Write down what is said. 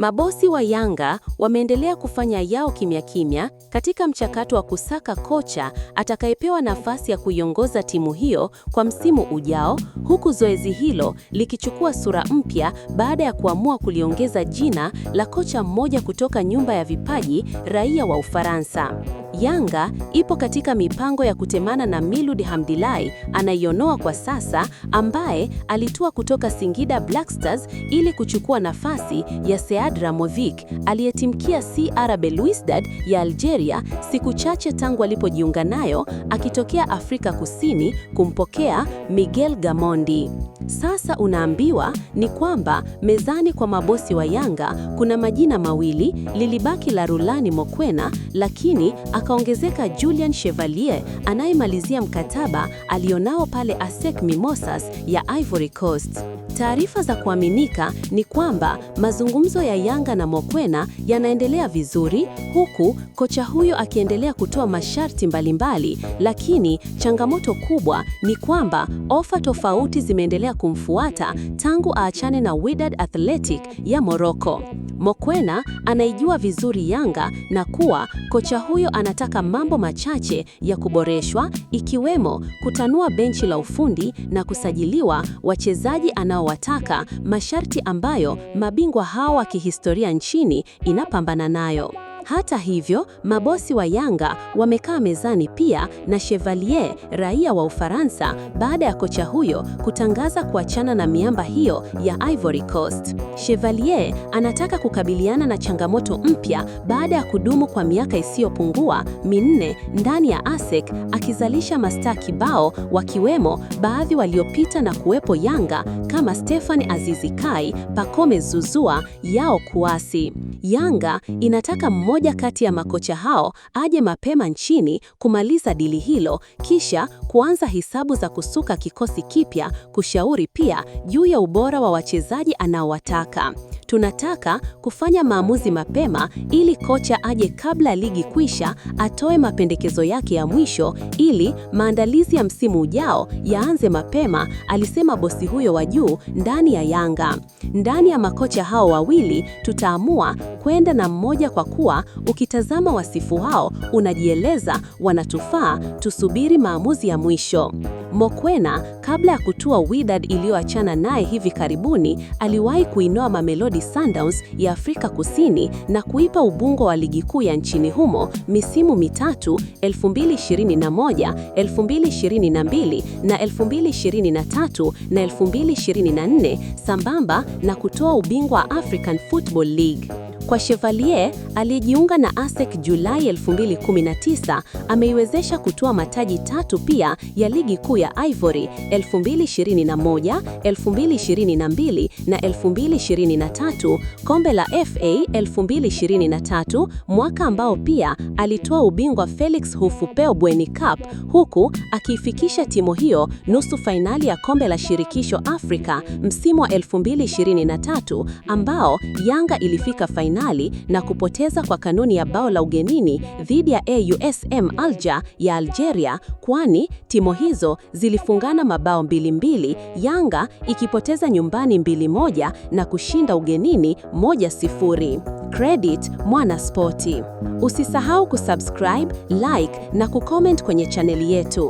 Mabosi wa Yanga wameendelea kufanya yao kimya kimya katika mchakato wa kusaka kocha atakayepewa nafasi ya kuiongoza timu hiyo kwa msimu ujao, huku zoezi hilo likichukua sura mpya baada ya kuamua kuliongeza jina la kocha mmoja kutoka nyumba ya vipaji raia wa Ufaransa. Yanga ipo katika mipango ya kutemana na Milud Hamdilai anaionoa kwa sasa, ambaye alitua kutoka Singida Black Stars ili kuchukua nafasi ya Sead Ramovic aliyetimkia CR Belouizdad ya Algeria siku chache tangu alipojiunga nayo akitokea Afrika Kusini kumpokea Miguel Gamondi. Sasa unaambiwa ni kwamba mezani kwa mabosi wa Yanga kuna majina mawili, lilibaki la Rulani Mokwena lakini akaongezeka Julian Chevalier anayemalizia mkataba alionao pale ASEC Mimosas ya Ivory Coast. Taarifa za kuaminika ni kwamba mazungumzo ya Yanga na Mokwena yanaendelea vizuri, huku kocha huyo akiendelea kutoa masharti mbalimbali mbali, lakini changamoto kubwa ni kwamba ofa tofauti zimeendelea kumfuata tangu aachane na Wydad Athletic ya Morocco. Mokwena anaijua vizuri Yanga na kuwa kocha huyo ana anataka mambo machache ya kuboreshwa ikiwemo kutanua benchi la ufundi na kusajiliwa wachezaji anaowataka, masharti ambayo mabingwa hawa wa kihistoria nchini inapambana nayo. Hata hivyo, mabosi wa Yanga wamekaa mezani pia na Chevalier, raia wa Ufaransa, baada ya kocha huyo kutangaza kuachana na miamba hiyo ya Ivory Coast. Chevalier anataka kukabiliana na changamoto mpya baada ya kudumu kwa miaka isiyopungua minne ndani ya ASEC akizalisha mastaa kibao wakiwemo baadhi waliopita na kuwepo Yanga kama Stefan Azizi Kai, Pacome Zuzua, Yao Kuasi. Yanga inataka mmoja mmoja kati ya makocha hao aje mapema nchini kumaliza dili hilo, kisha kuanza hisabu za kusuka kikosi kipya, kushauri pia juu ya ubora wa wachezaji anaowataka. Tunataka kufanya maamuzi mapema ili kocha aje kabla ligi kuisha, atoe mapendekezo yake ya mwisho ili maandalizi ya msimu ujao yaanze mapema, alisema bosi huyo wa juu ndani ya Yanga. Ndani ya makocha hao wawili tutaamua kwenda na mmoja kwa kuwa ukitazama wasifu hao unajieleza, wanatufaa, tusubiri maamuzi ya mwisho. mokwena kabla ya kutua Wydad iliyoachana naye hivi karibuni, aliwahi kuinoa Mamelodi Sundowns ya Afrika Kusini na kuipa ubungwa wa ligi kuu ya nchini humo misimu mitatu 2021, 2022 na 2023 na 2024 sambamba na kutoa ubingwa wa African Football League. Kwa Chevalier aliyejiunga na ASEC Julai 2019, ameiwezesha kutoa mataji tatu pia ya ligi kuu ya Ivory 2021, 2022 na 2023, kombe la FA 2023, mwaka ambao pia alitoa ubingwa Felix Hufupeo Bweni Cup, huku akiifikisha timu hiyo nusu fainali ya kombe la shirikisho Afrika msimu wa 2023 ambao Yanga ilifika fainali fainali na kupoteza kwa kanuni ya bao la ugenini dhidi ya AUSM Alger ya Algeria, kwani timu hizo zilifungana mabao mbili mbili, Yanga ikipoteza nyumbani mbili moja na kushinda ugenini moja sifuri. Credit Mwana Sporti. Usisahau kusubscribe, like na kucomment kwenye chaneli yetu.